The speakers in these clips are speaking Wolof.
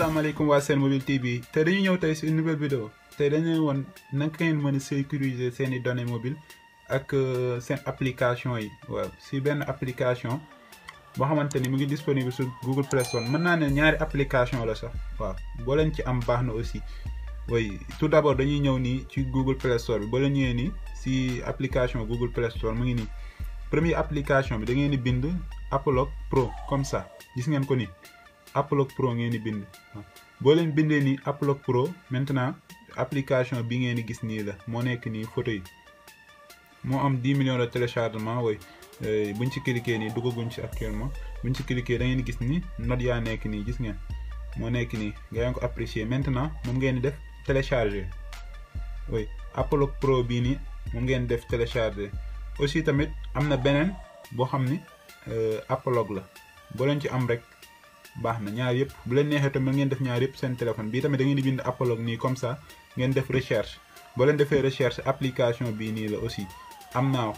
asalaamaaleykum waa seen mobile TV te dañu ñëw tey si une nouvelle vidéo tey dañu leen woon naka ngeen mën a sécuriser seen i données mobile ak euh, seen application yi waaw si benn application boo xamante ni mu ngi disponible sur Google Play Store mën naa ne ñaari application la sax waaw boo leen ci am baax na aussi way tout d'abord dañuy ñëw nii ci Google Play Store bi boo ñëwee nii si application Google Play Store mu ngi nii premier application bi da ngeen di bind Apolog Pro comme ça gis ngeen ko nii. Applog Pro ngeen di bind boo leen bindee nii Applog Pro maintenant application bi ngeen di gis nii la moo nekk nii photo yi moo am 10 millions de téléchargement way euh, buñ ci cliquer nii duggaguñ ci actuellement buñ ci cliquer da ngeen gis nii note yaa nekk nii gis ngeen moo nekk nii nga ko apprécier maintenant moom ngeen di def télécharger oui Applog Pro bii nii moom ngeen def télécharger aussi tamit am na beneen boo xam ni euh, Applog la boo leen ci am rek. baax na ñaar yëpp bu leen neexee tamit ngeen def ñaar yëpp seen téléphone bii tamit da ngeen di bind apolog nii comme ça ngeen def recherche boo leen defee recherche application bii nii la aussi am naa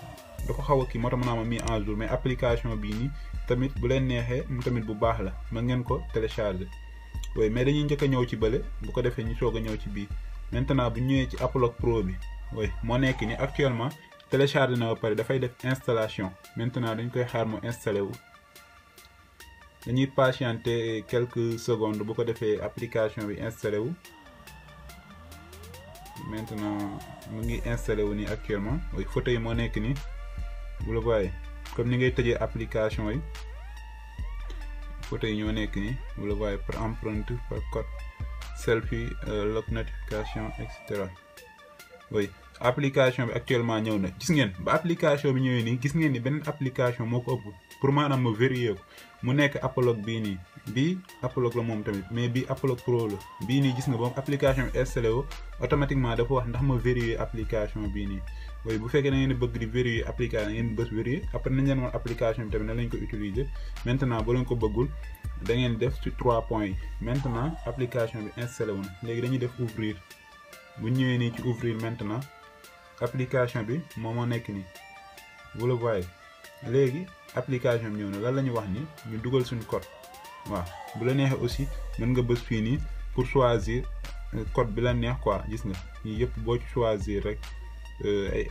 da ko xaw a kii moo tax mën en jour application bii nii tamit bu leen neexee tamit bu baax la ma ngeen ko télécharger oui mais dañuy njëkk a ñëw ci bële bu ko defee ñu soog a ñëw ci bii maintenant bu ñëwee ci apolog pro bi oui moo nekk ni actuellement téléchargé na ba dafay def installation maintenant dañ koy xaar mu installé wu. dañuy patienter quelques secondes pour que l'application application bi installé maintenant mu ngi installé wu nii actuellement oui photo yi moo nekk vous le voyez comme ni ngay l'application, application yi photo yi ñoo nekk vous le voyez par empreinte par code selfie euh, lock notification etc. oui application bi actuellement ñëw na gis ngeen ba application bi ñëw ni gis ngeen ni beneen application moko pour maanaam mu verrouiller ko mu nekk apolog bii nii bii apolog la moom tamit mais bii apolog pro bii nii gis nga ba application bi installé wo automatiquement dafa wax ndax ma verrouiller application bi nii waaye bu fekkee da ngeen bëgg di verrouiller application da ngeen bës verrouiller après nañ leen woon application bi tamit na lañ ko utiliser maintenant bu leen ko bëggul da ngeen def ci trois points yi maintenant application bi installé woon léegi dañuy def ouvrir bu ñëwee nii ci ouvrir maintenant application bi moom moo nekk nii vous application bi ñëw na lan la ñu wax ni ñu duggal suñu code waaw bu la neexee aussi mën nga bës fii nii pour choisir code bi la neex quoi gis nga yii yëpp boo ci choisir rek ay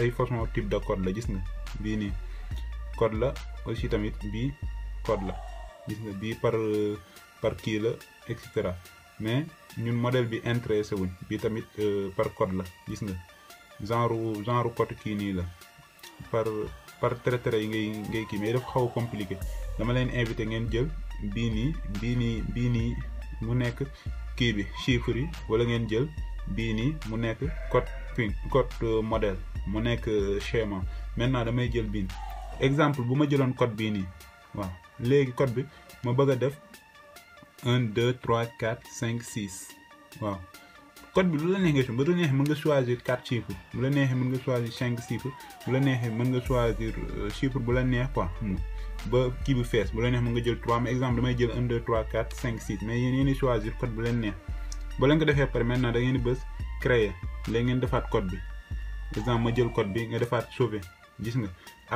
ay façon type de code la gis nga bii nii code la aussi tamit bii code la gis nga bii par par kii la et cetera mais ñun modèle bi intéressé wuñ bii tamit par code la gis nga genre genre code kii nii la par. par traité yi ngay ngay kii mais dafa xaw a compliqué dama leen invité ngeen jël bii nii bii nii bii nii mu nekk kii bi chiffre yi wala ngeen jël bii nii mu nekk code pin code euh, modèle mu nekk euh, schéma maintenant damay jël bii exemple bu ma jëloon code bii nii waaw léegi code bi ma bëgg a def un deux trois quatre cinq six waaw code bi lu la neex nga si bu la neexee mën nga choisir quatre chiffres bu la neexee mën nga choisir cinq chiffres bu la neexee mën nga choisir chiffre bu la neex quoi ba kii bu fees bu la neex mën nga jël trois mais exemple damay jël 1 2 3 4 5 6 mais yéen yéen choisir code bu leen neex bu leen ko defee par maintenant da ngeen di bës créer léegi ngeen defaat code bi exemple ma jël code bi nga defaat sauver gis nga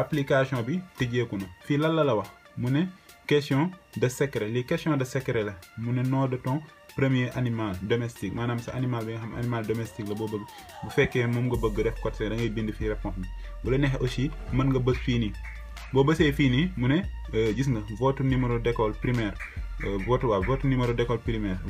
application bi tëjeeku na fii lan la la wax mu ne question de secret lii question de secret la mu ne nom de ton premier animal domestique maanaam sa animal bi nga xam animal domestique la boo bëgg bu fekkee moom nga bëgg def côté da ngay bind fii réponse bi bu la neexee aussi mën nga bës fii nii boo bësee fii nii mu ne euh, gis nga votre numéro d'école primaire euh, votre waaw votre numéro d'école primaire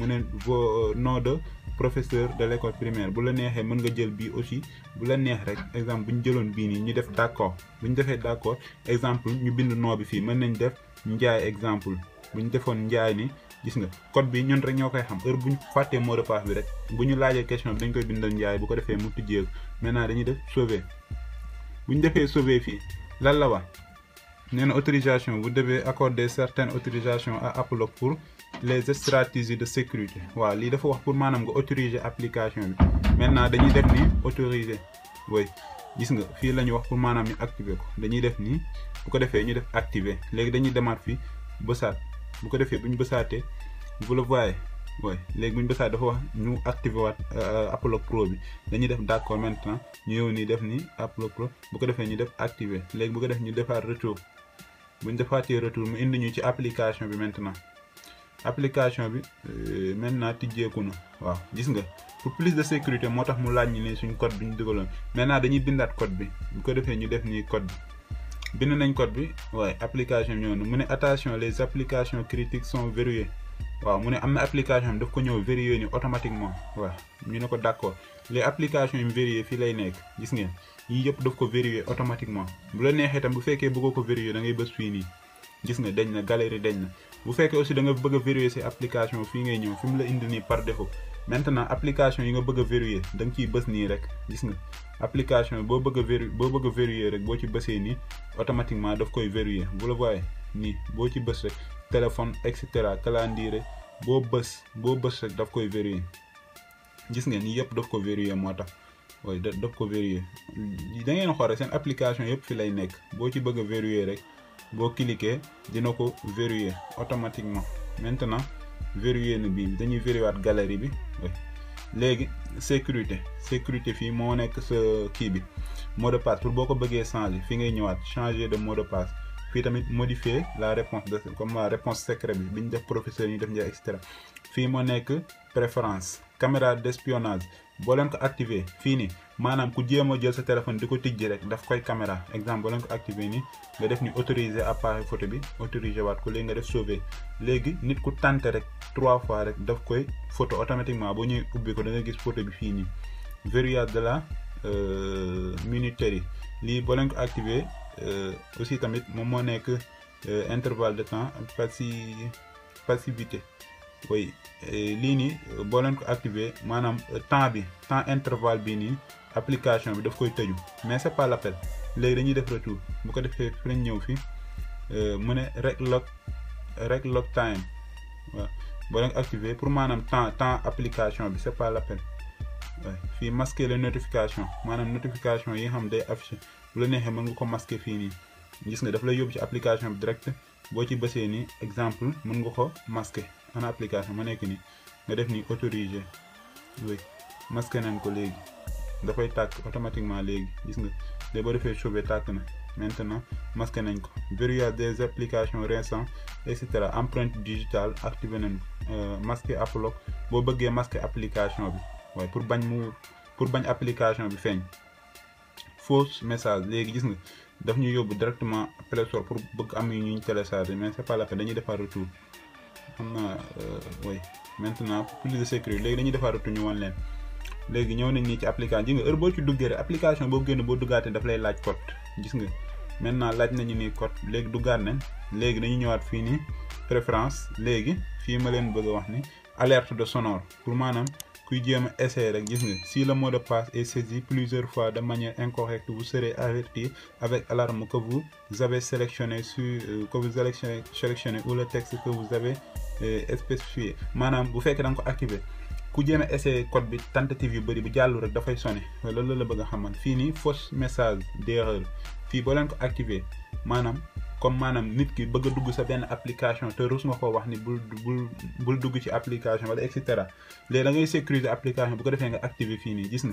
mu ne vos euh, nom de professeur de l'école primaire bu la neexee mën nga jël bii aussi bu la neex rek exemple bu jëloon bii nii ñu def d'accord bu ñu defee d'accord exemple ñu bind nom bi fii mën nañ def njaay exemple bu ñu defoon njaay ni gis nga code bi ñun rek ñoo koy xam heure bu ñu fàttee mot de bi rek bu ñu laajee question bi dañ koy bindal njaay bu ko defee mu tijjee maintenant dañuy def sauver bu ñu defee fii lan la wax nee na autorisation vous devez accorder certaines autorisations à Apple les stratégies de sécurité waaw lii dafa wax pour maanaam autoriser application bi dañuy def ni autoriser oui gis nga fii la ñu wax pour maanaam ñu activer ko dañuy def nii bu ko defee ñu def activer léegi dañuy demaat fii bësaat bu ko defee bu ñu bësaatee vous le voyez oui léegi bu ñu bësaatee dafa wax ñu activé waat euh, Apollo Pro bi dañuy def d' accord maintenant ñu ñëw nii def nii Apollo Pro bu ko defee ñu def activé léegi bu ko def ñu defaat retour bu ñu defaatee retour mu indi ñu ci application bi maintenant application bi euh, maintenant tijjeeku na waaw gis nga pour plus de sécurité moo tax mu laaj ñi ne suñ code bi ñu dugaloon maintenant dañuy bindaat code bi bu ko defee ñu def nii code bi. bind nañ code bi waaye application bi ñëw mu ne attention les applications critiques sont verrouillées waaw mu ne am na application daf ko ñëw verrouillé ni automatiquement waaw ñu ne ko d'accord les applications yi mu verrouillé fii lay nekk gis ngeen yii yëpp daf ko verrouillé automatiquement bu la neexee tam bu fekkee bëggoo ko verrouillé da ngay bës fii nii gis nga dañ na galerie dañ na bu fekkee aussi da nga bëgg a verrouillé ces application fii ngay ñëw fi mu la indi nii par défaut maintenant application yi nga bëgg a verrouiller da ciy bës nii rek gis nga application boo bëgg a boo bëgg a rek boo ci bësee nii automatiquement daf koy verrouiller vous le voyez nii boo ci bës rek téléphone et cetera calendrier boo bës boo bës rek daf koy verrouiller gis nga nii yëpp daf ko verrouiller moo tax waaye daf ko verrouiller da ngeen xool seen application yëpp fi lay nekk boo ci bëgg a verrouiller rek boo cliquer dina ko verrouiller automatiquement maintenant. Verrouiller na bii bi dañuy verrouillé galerie bi légui sécurité sécurité fi mo nek ce kii bi mot de passe pour boko ko changer fi ngay ñëwaat changer de mot de passe fi tamit modifier la réponse de comme la réponse secret bi biñ def professeur yi ñu def ñi et fi mo nek préférence caméra d'espionnage bo leen ko activer fii nii manam ku jéem a jël sa téléphone diko ko rek daf koy caméra exemple boo ko activer ni nga def ni autoriser appareil photo bi autoriser wat ko léegi nga def sauver légui nit ku tante rek 3 fois rek daf koy photo automatiquement bo ñuy ubbi ko da nga gis photo bi fii nii verrouillage de la euh, minuterie lii boo leen ko activer euh aussi tamit mo moo nekk euh, intervalle de temps passi passivité oui lii nii boo leen ko activer manam euh, temps bi temps intervalle bi ni application bi daf koy tëju mais c'est pas l'appel légui dañuy def retour bu ko defee fi lañ ñëw fi euh ne rek lock rek lock time waaw boo leen activer pour manam temps temps application bi c'est pas l'appel waaw fi masquer les notifications manam notification yi nga xam day afficher bu la neexee mën nga ko masquer fi ni gis nga daf lay yob ci application bi direct bo ci bëssé ni exemple mën nga ko masquer en application ma nekk ni nga def ni autoriser oui masqué nañ ko da fay tak automatiquement léegi gis nga léegi boo defé chauffer tak na maintenant masqué nañ ko verrouillage des applications récentes et cetera empreinte digitale activer nañ ko euh, masqué app lock boo bëggee masqué application bi way pour bañ mu pour bañ application bi feeñ fausse message léegi gis nga daf ñu directement Play Store pour bëgg am ñu ñuy télécharger mais c'est pas la peine dañuy defar retour maintenant naa euh, oui maintenant plus de sécurité légui dañuy defaaratu ñu wan leen léegi nañ ni ci application ji nga heure boo ci duggé application bo génn bo duggaté daf lay laaj code gis nga maintenant laaj nañu ni code légui duggaat nañ légui dañu ñëwaat fii préférence légui fi ma leen bëgg wax ni alerte de sonore pour manam kuy jéem a essayer rek gis nga si le mot de passe est saisi plusieurs fois de manière incorrecte vous serez averti avec alarme que vous avez sélectionné sur euh, que vous sélectionné ou le texte que vous avez Euh, spécifié maanaam bu fekkee da ko activé ku jéem a essayé code bi tentative yu bëri bu jàllu rek dafay sonné loolu la bëgg a xamal fii nii fausse message d'erreur fii boo leen ko activé maanaam comme maanaam nit ki bëgg a dugg sa benn application te rus nga koo wax ni bul bul bul dugg ci application wala et cetera léegi da ngay sécuriser application bu ko defee nga activé fii nii gis na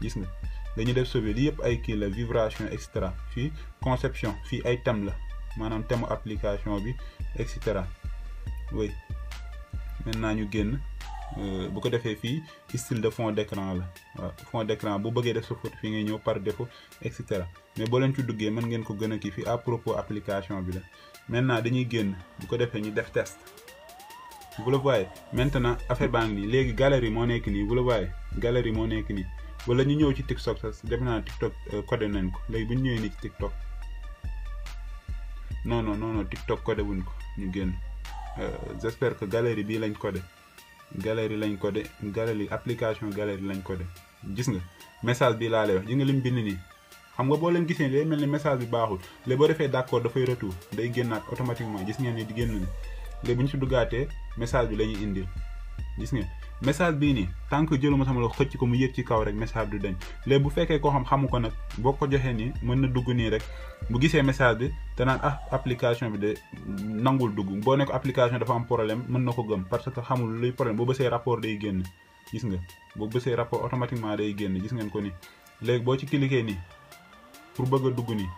gis nga la vibration conception fii ay thème la application bi et oui maintenant ñu euh, bu ko style de fond d'écran la fond d'écran bu def par défaut mais boo leen ci ngeen ko a à propos application bi maintenant dañuy génn bu ko ñu test. vous le voyez maintenant affaire baa ngi nii galerie vous le voyez galerie wala ñu ñëw ci TikTok sax def naa TikTok euh, codé nañ ko léegi bu ñu ñëwee nii ci TikTok non non non TikTok codé wuñ ko ñu génn euh, j'espère que galerie bii lañ codé galerie lañ codé galerie application galerie lañ de gis nga message bi laa lay wax gis nga lim bind nii xam nga boo leen gisee day mel ni message bi baaxul léegi boo defee d'accord dafay retour day génnaat automatiquement gis ngeen ni di génn ni léegi bu ñu si duggaatee message bi la ñuy indil gis ngeen. message bii nii tant que jëluma sama loxo xëcc ko mu yëg ci kaw rek message du dañ léegi bu fekkee ko xam xamu ko nag boo ko joxee nii mën na dugg nii rek bu gisee message bi te naan ah application bi de nangul dugg boo ne ko application dafa am problème mën na ko gëm parce que xamul luy problème boo bësee rapport day génn gis nga boo bësee rapport automatiquement day génn gis ngeen ko ni léegi boo ci cliquer nii pour bëgg a dugg nii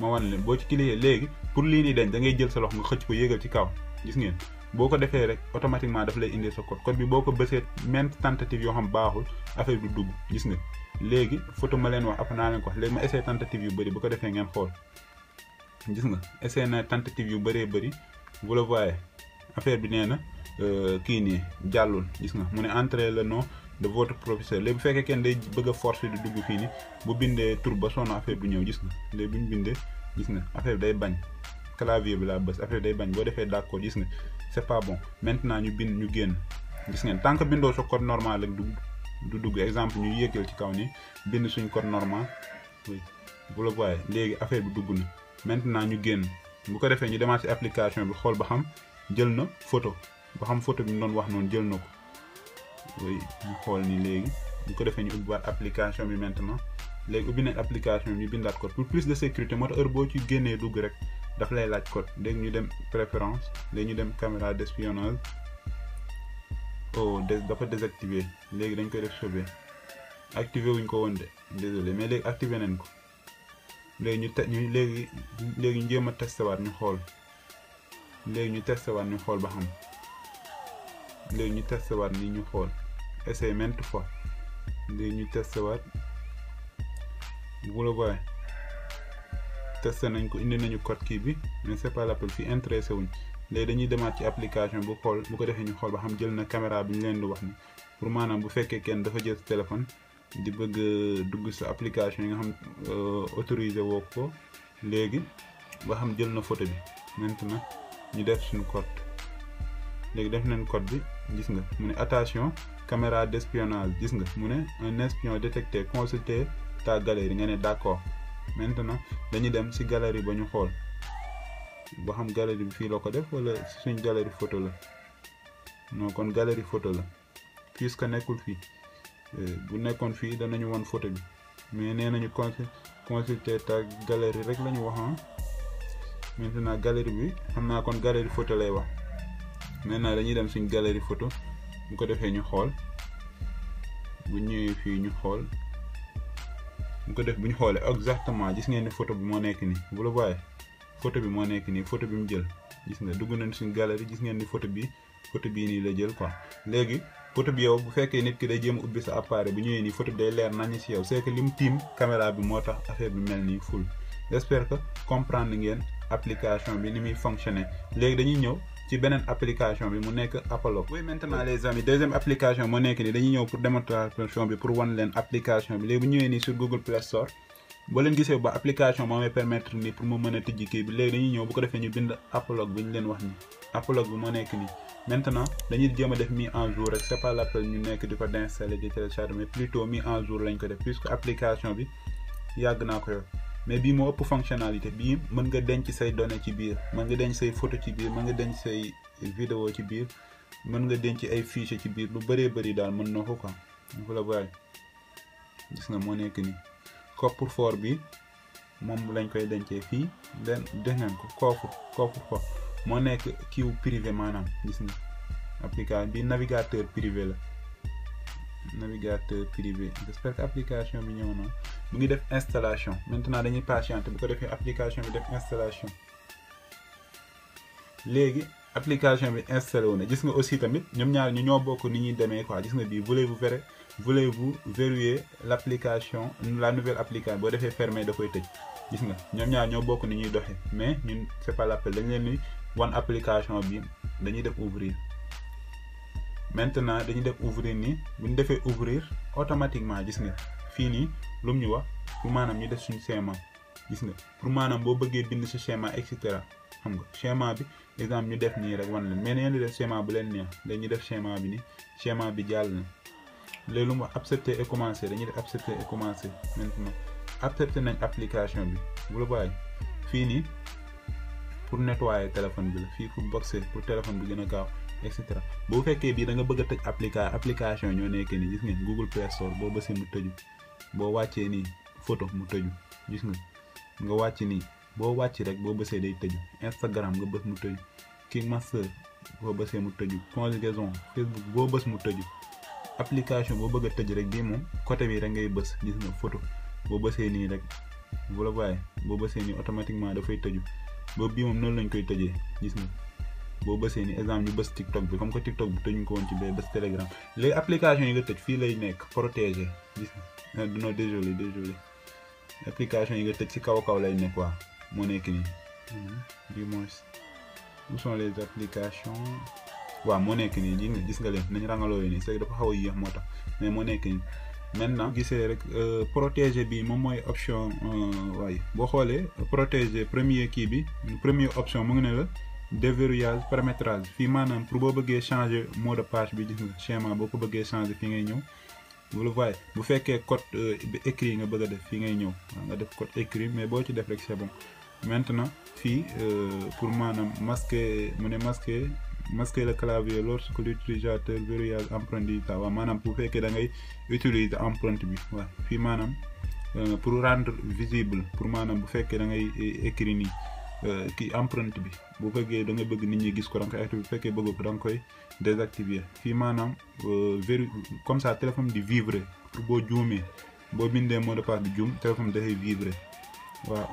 ma wan leen boo ci cliquer léegi pour lii nii dañ da ngay jël sa loxo nga xëcc ko yéegal ci kaw gis ngeen boo ko defee rek automatiquement daf lay indi sa code code bi boo ko bësee même tentative yoo xam baaxul affaire du dugg gis nga léegi photo ma leen wax après naa leen ko wax léegi ma yu bëri bu ko defee ngeen xool gis nga essayé na tentative yu bëree bëri vous le affaire bi nee na euh, kii nii jàllul gis nga mu ne entrer le nom de votre professeur léegi bu fekkee kenn day bëgg a force di dugg fii nii bu bindee tur ba sonn affaire bi ñëw gis nga léegi bu ñu bindee gis nga affaire day bañ clavier bi laa bës affaire day bañ boo defee d'accord gis nga. c'est pas bon maintenant ñu bind ñu génn gis ngeen tant que bindoo sa code normal rek du du dugg exemple ñu yëgal ci kaw ni bind suñu code normal oui bu la booyee léegi affaire bi dugg na maintenant ñu génn bu ko defee ñu demaat si application bi xool ba xam jël na photo ba xam photo bi mu doon wax noonu jël na ko oui ñu xool ni léegi bu ko defee ñu ubbiwaat application bi maintenant léegi ubbi nañ application bi ñu bindaat ko pour plus de sécurité moo heure boo ci génnee dugg re daf lay laaj code léegi ñu dem préférence léegi ñu dem caméra d'espionnage oh des dafa désactivé léegi dañ koy def sauver activé wuñ ko woon de désolé mais léegi activé nañ ko léegi ñu te ñu léegi léegi ñu a testé ñu xool léegi ñu testé waat ñu xool ba xam léegi ñu testé ni ñu xool essayé maintes fois léegi ñu testewaat waat bu la booyee testé nañ ko indi nañu code kii bi mais c'est pas l'appel fii intéressé wuñ léegi dañuy demaat ci application bu xool bu ko defee ñu xool ba xam jël na caméra bi ñu leen di wax ni pour maanaam bu fekkee kenn dafa jël téléphone di bëgg dugg si application yi nga xam euh, autorisé woo ko léegi ba xam jël na photo bi maintenant ñu def suñu code léegi def nañ code bi gis nga mu ne attention caméra d'espionnage gis nga mu ne un espion détecté consultez ta galerie nga ne d'accord maintenant dañu dem si galerie ba ñu xool boo xam galerie bi fii la ko def wala suñ galerie photo la non kon galerie photo la puisque nekkul fii euh, bu nekkoon fii danañu won photo bi mais nee nañu consulter ta galerie rek la ñu wax maintenant galerie bi xam naa kon galerie photo lay wax naa dañuy dem suñ galerie photo bu ko defee ñu xool bu ñëwee fii ñu xool bu ko def bu ñu xoolee exactement gis ngeen ni photo bi moo nekk nii vous le voyez photo bi moo nekk nii photo bi mu jël gis nga dugg nañ suñu galerie gis ngeen ni photo bi photo bii nii la jël quoi léegi photo bi yow bu fekkee nit ki day jéem ubbi sa appareil bu ñëwee nii photo bi day leer nañu si yow c'est li mu tiim caméra bi moo tax affaire bi mel nii full j'espère que comprendre ngeen application bi ni muy fonctionner léegi dañuy ñëw ci benen application bi mu nek Apollo. oui maintenant les amis deuxième application mo nek ni dañuy ñëw pour démonstration bi pour wan len application bi léegi bu ñëwee sur Google Play Store bo len gisé ba application mo may permettre ni pour mo mëna a tijji bi léegi dañuy ñëw bu ko défé ñu bind Apollo bi ñu leen wax ni Apollo bi mo nek ni maintenant dañuy jéem def mis en jour rek c'est pas la peine ñu nek diko d'installer di télécharger mais plutôt mis en jour lañ ko def puisque application bi yag na ko mais bii moo ëpp fonctionalité bii mën nga denc say données ci biir mën nga denc say foto ci biir mën nga denc say video ci biir mën nga denc ay fichier ci biir lu bëree bëri daal mën na ko quoi dafa la bàyyi gis nga moo nekk nii coffre foor bi moom lañ koy dencee fii den def ngeen ko coffre coffre ko moo nekk kiiw privé maanaam gis nga application bi navigateur privé la navigateur privé j'espère application bi ñëw na Nous avons def installation maintenant dañuy patienter Nous avons application bi installation application bi installé Nous aussi ni voulez-vous faire, voulez-vous verrouiller l'application la nouvelle application de defee fermer da koy nous gis mais c'est pas l'appel nous application Nous dañuy ouvrir maintenant dañuy ouvrir nous, ouvrir automatiquement fii nii lu mu ñu wax pour maanaam ñu def suñu schéma gis nga pour maanaam boo bëggee bind sa schéma et cetera xam nga schéma bi exemple ñu def nii rek wan leen mais nee di def schéma bu leen neex dañuy def schéma bi nii schéma bi jàll na léegi lu mu wax accepter et commencer dañuy def accepter a commencer maintenant accepter nañ application bi bu la bàyyi fii nii pour nettoyer téléphone bi la fii pour boxer pour téléphone bi gën a gaaw et cetera bu fekkee bii da nga bëgg a tëj application ñoo nekk nii gis ngeen Google Play boo wàccee nii photo mu tëju gis nga nga wàcc nii boo wàcc rek boo bësee day tëju Instagram nga bës mu tëju ki Master boo bësee mu tëju conjugaison Facebook boo bës mu tëju application boo bëgg a tëj rek bii moom côté bi rek ngay bës gis nga photo boo bësee nii rek vous le voyez boo bësee nii automatiquement dafay tëju boobu bii moom noonu lañ koy tëjee gis nga boo bësee ni exemple ñu bës TikTok bi comme que TikTok bi tëjuñ ko woon ci bee bës Telegram léegi application yi nga tëj fii lay nekk protégé gis non désolé désolé application yi nga tëj ci kaw kaw lay nekk waa moo nekk nii du moins où sont les applications waaw moo nekk nii lii gis nga leen nañ rangaloo nii c'est que dafa xaw a yéex moo tax mais moo nekk nii maintenant gisee rek protéger bi moom mooy option waaye boo xoolee protéger premier kii bi premier option mu ngi ne la déverrouillage paramétrage fii maanaam pour boo bëggee changer mot de passe bi di nga schéma boo ko bëggee changer fii ngay ñëw vous le bu fekkee code euh, écrit nga bëgg a def fii ngay ñëw nga def code écrit mais boo ci def rek sebon bon maintenant fii euh, pour maanaam masquer mu ne masquer masquer le clavier lorsque l'utilisateur verrouillage empreinte digitale waaw maanaam bu fekkee dangay ngay utiliser empreinte bi waaw fii maanaam euh, pour rendre visible pour maanaam bu fekkee da ngay écrit nii. Euh, kii empreinte bi bu fekkee da nga bëgg nit ñi gis ko da nga koy bu fekkee bëgg ko da nga koy désactiver fii maanaam euh, véri comme ça téléphone di vibrer boo juumee boo bindee moo de passe bi juum téléphone dafay vibrer waaw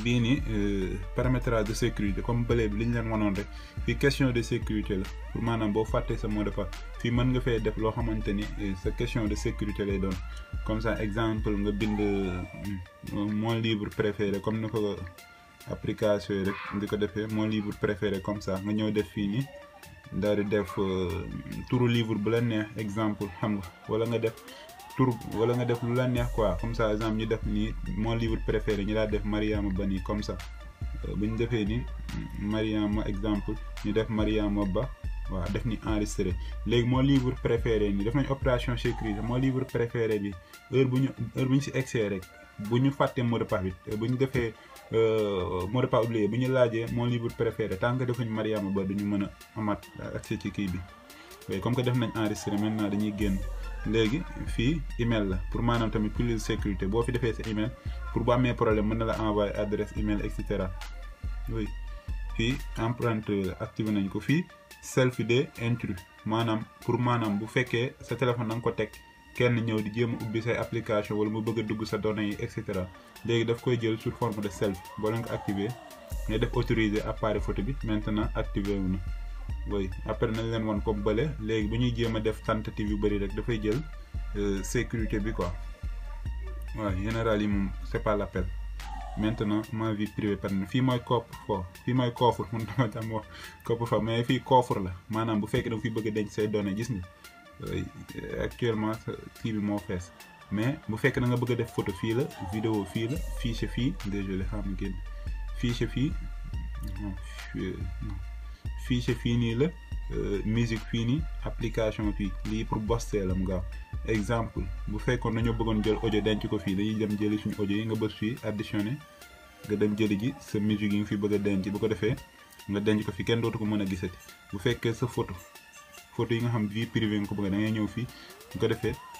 bii ni euh, paramétrage de sécurité comme bële bi li ñu leen wanoon rek fii question de sécurité la pour maanaam boo fàttee sa moo de fa fii mën nga fee def loo xamante ni euh, sa question de sécurité lay doon comme ça exemple nga bind euh, mon livre préféré comme ni ko application rek di ko defee mon livre préféré comme ça nga ñëw def fii nii daal di def turu livre bu la neex exemple xam nga wala nga def tur wala nga def lu la neex quoi comme ça exemple ñu def nii mon livre préféré ñu daal def Mariama Ba nii comme ça euh, bu ñu defee ni Mariama exemple ñu def Mariama Ba waaw def ni enregistré léegi mon livre préféré nii def nañ opération sécurité moo livre préféré bi heure bu ñu heure bu ñu si egsee rek bu ñu fàtte mot de passe bi euh, bu ñu defee euh, mot de passe bu ñu laajee mon livre préféré tant que defuñ Mariama Ba duñu mën a amaat accès kii bi comme que def nañ enregistré léegi fii email la pour maanaam tamit plus sécurité boo fi defee sa email pour bu amee problème mën na la envoyé adresse email et cetera oui fii empreinte la activé nañ ko fii selfie de intrus maanaam pour maanaam bu fekkee sa téléphone na ko teg kenn ñëw di jéem a ubbi say application wala mu bëgg dugg sa données yi et cetera léegi daf koy jël sous forme de selfie boo leen ko activé nga def autoriser appareil photo bi maintenant activé wu na. oui après nañ leen wan comme bële léegi bu ñuy jéem a def tentative yu bëri rek dafay jël euh, sécurité bi quoi waaw général yi moom c'est pas l'appel maintenant ma vie privée perna fii mooy coffre-fort fii mooy coffre mun dama tam wax coffre-fort mais fii coffre la maanaam bu fekkee da nga fi bëgg a denc say données gis nga actuellement kii bi moo fees mais bu fekkee da nga bëgg a def photo fii la vidéo fii la fichier fii désolé xam ah, ngeen fichier fii fichier fii nii la euh, musique fii nii application fii lii pour bostee la mu gaaw exemple bu fekkoon nañoo bëggoon jël audio denc ko fii dañuy dem jëli suñu audio yi nga bës fii additionné nga dem jëli ji sa musique yi nga fi bëgg denc bu ko defee nga denc ko fi kenn dootu ko mën a gisati bu fekkee sa photo photo yi nga xam vie privée nga ko bëgg da ngay ñëw fii bu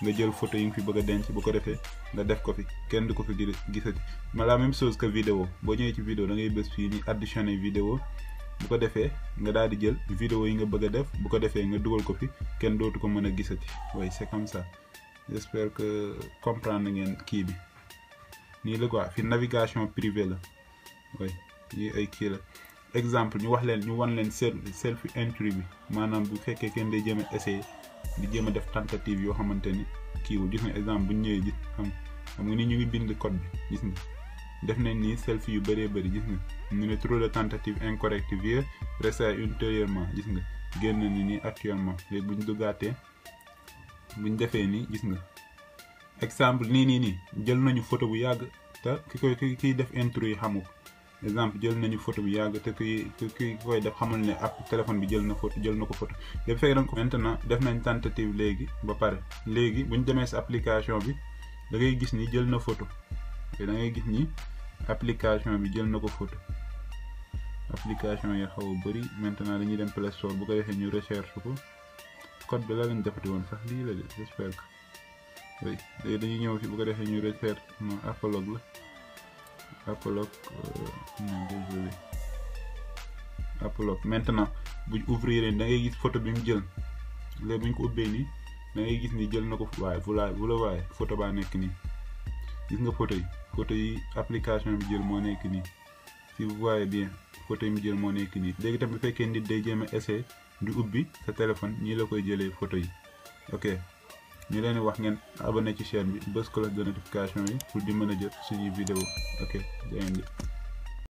nga jël photo yi nga fi bëgg denc bu ko defee nga def ko fi kenn du ko fi gisati mais la même sos que video boo ñëwee ci vidéo da ngay bës fii nii additionné vidéo bu ko defee nga daal di jël vidéo yi nga bëgg a def bu ko defee nga dugal ko fi kenn dootu ko mën a gisati way c'est comme ça j'espère que comprendre ngeen kii bi nii la quoi fi navigation privée la way yi ay kii la exemple ñu wax leen ñu wan leen self entry bi maanaam bu fekkee kenn day jëm a di jëm a def tentative yoo xamante ni kii wu gis nga exemple bu ñu ñëwee gis xam xam nga ni ñu ngi bind code bi gis nga def nañ ni selfie yu bëree bëri gis nga ñu ne trop de tentatives incorrectes vieux restait ultérieurement gis nga génn nii nii actuellement léegi bu ñu duggaatee bu ñu defee nii gis nga exemple nii nii nii jël nañu photo bu yàgg te ki koy ki def intro yi xamul exemple jël nañu photo bu yàgg te ki ki koy def xamul ne ak téléphone bi jël na photo jël na ko photo lépp fekk na ko maintenant def nañ tentative léegi ba pare léegi bu ñu demee si application bi da ngay gis ni jël na photo te gis ni application bi jël na ko photo application yi xaw a bëri maintenant dañuy dem play store bu ko defee ñu recherche ko code bi la leen defati woon sax lii la de j'espère que dañuy ñëw fi bu ko defee ñu recherche non apolog la apolog euh, non désolé apolog maintenant bu ouvrir da gis photo bi mu jël léegi buñ ko ubbee nii da gis ni jël na ko waaye bu la bu la waaye photo baa nekk nii gis nga photo yi photo yi application bi jël moo nekk nii si waaye voyez bien photo yi mu jël moo nekk nii léegi tamit bu fekkee nit day jéem a essayer di ubbi sa téléphone ñii la koy jëlee photo yi ok ñu leen wax ngeen abonné ci chaîne bi bës cloche de notification yi pour di mën a jot suñuy vidéo ok